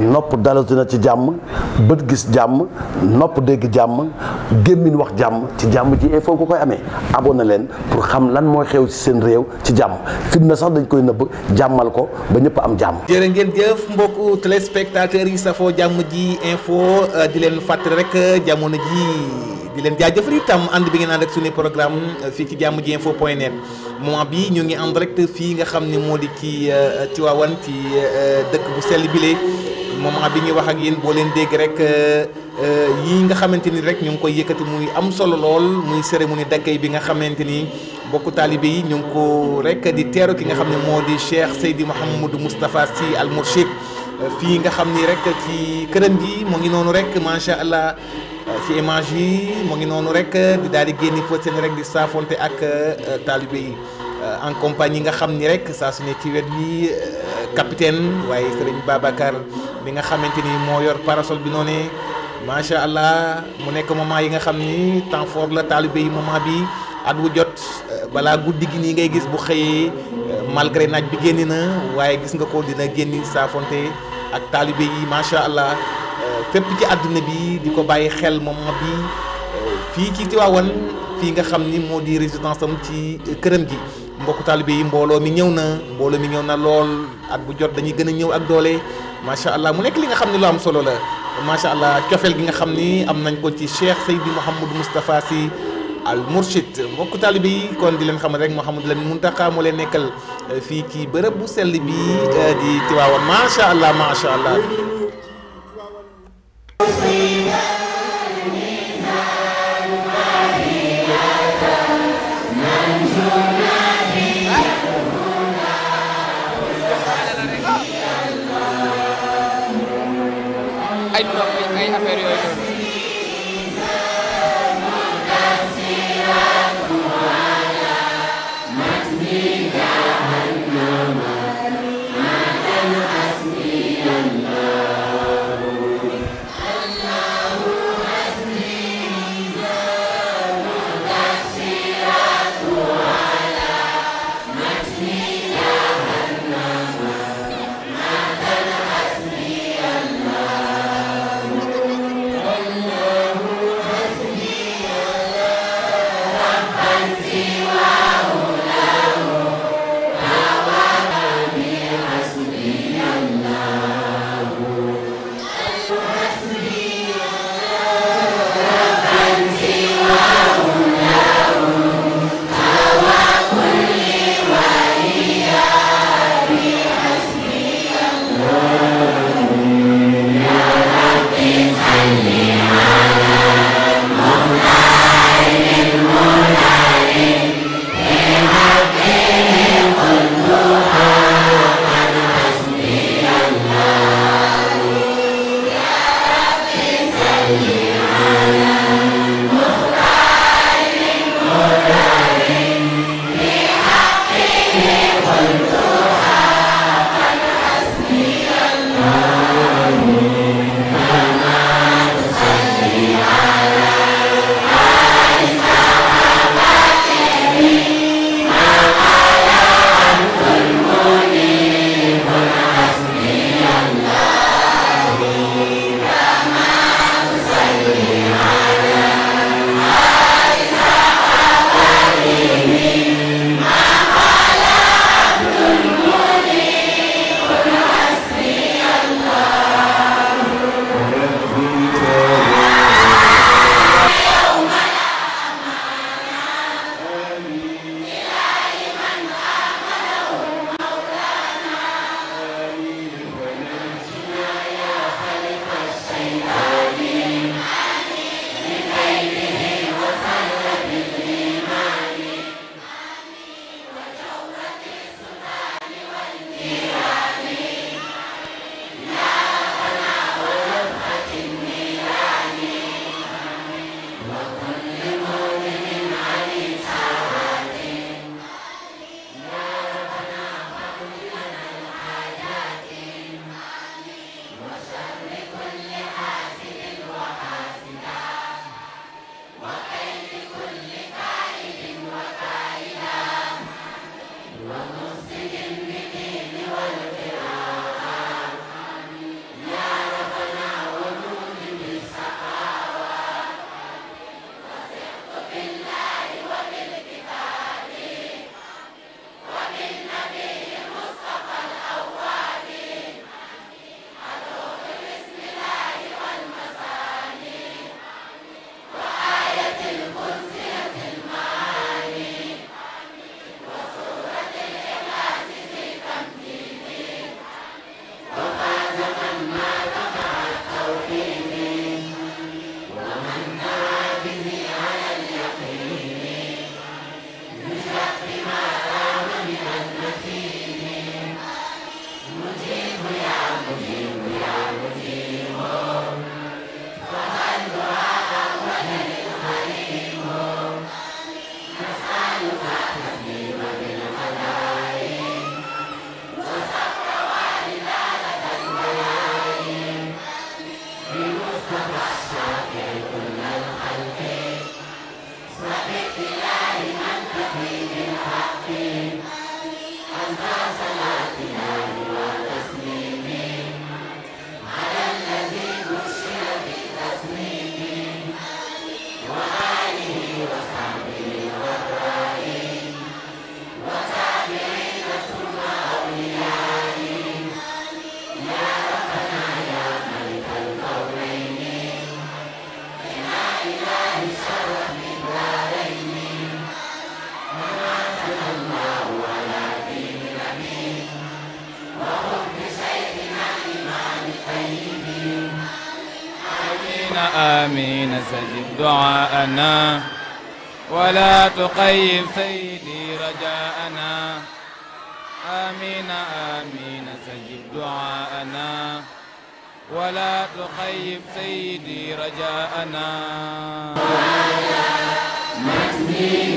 nopp dalatu na ci jàmm bët gis jàmm nopp dégg jàmm gémmiñ wax jàmm ci jàmm ji il faut nga koy amee abonné leen pour xam lan moo xew si seen réew ci jàmm na sax dañ koy nëbb jàmmal ko ba ñëpp am jàmm jërë ngeen jëf mbokku téléspectateurs yi safoo jàmm ji info euh, di leen fàttali rek euh, jamono ji di leen jaajëfal itam ànd bi ngeen ànd ak ne programme euh, fii ci jàmm ji info point net moment bi ñu ngi en direct fii nga xam ne moo di ci Tiwaawan ci dëkk bu bile moment bi nga wax ak yéen boo leen dégg rek euh, euh, yii nga xamante ni rek ñu ngi koy yëkkati muy am solo lool muy cérémonie d'accueil bi nga xamante ni bokku taalibe yi ñu ngi ko rek di teeru ki nga xam ne moo di Cheikh Seydi Mouhamadou Moustapha Sy Al Mourchid euh, fii nga xam ni rek ci këram ji moo ngi noonu rek macha allah ci image yi moo ngi noonu rek di daal di génne fa seen rek di saafonte ak taalibe yi. en compagnie nga xam ni rek saa su ne ci wet bi euh, capitaine waaye sëriñ Babacar mi nga xamante ni moo yor parasol bi noonee macha allah mu nekk moment yi nga xam ni temps fort la taalibe yi moment bi ak wu jot euh, balaa guddi gi nii ngay gis bu xëyee euh, malgré naaj bi génn na waaye gis nga ko dina génn saafonte ak taalibe yi macha allah fépp ci àdduna bi di ko bàyyi xel moment bi fii ci Tiwaawan fii nga xam ni moo di résidence ci këram gi mbokku taalibe yi mbooloo mi ñëw na mbooloo mi ñëw na lool ak bu jot dañuy gën a ñëw ak doole macha allah mu nekk li nga xam ne lu am solo la macha allah cofeel gi nga xam ni am nañ ko ci Cheikh Seydi Mouhamadou Moustapha si al Mourchid mbokku taalibe yi kon di leen xamal rek Mouhamadou Lamine Mountakha moo leen nekkal fii ci bërëb bu sell bi di Tiwaawan macha allah macha allah. ay ay affaire yooyu noonu. Amen. Amen. آمين سجد دعاءنا ولا تقيب سيدي رجاءنا آمين آمين سجد دعاءنا ولا تقيب سيدي رجاءنا مجدي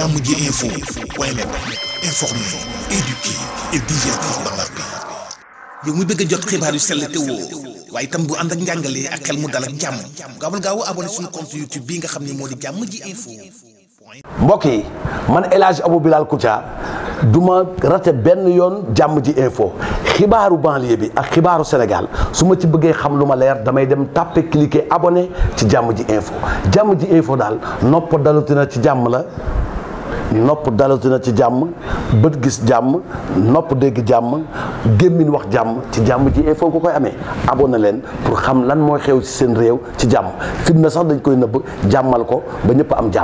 jàmm ji info waaye nag xibaar yu sell te bu ànd ak njàngalee ak bii nga xam ne moo di jàmm ji info. mbokk yi man El Hadj Abou Bilal Koutia du ma rate benn yoon jàmm ji info xibaaru banlieue bi ak xibaaru Sénégal su ma ci bëggee xam lu ma leer damay dem tàppe cliquer abonné ci jàmm ji info jàmm ji info daal nopp dalutina ci jàmm la. nopp dalatu na ci jàmm bët gis jàmm nopp dégg jàmm gémmiñ wax jàmm ci jàmm ji il foog nga koy amee abonné leen pour xam lan mooy xew ci seen réew ci jàmm fitna sax dañ koy nëbb jàmmal ko ba ñëpp am jàmm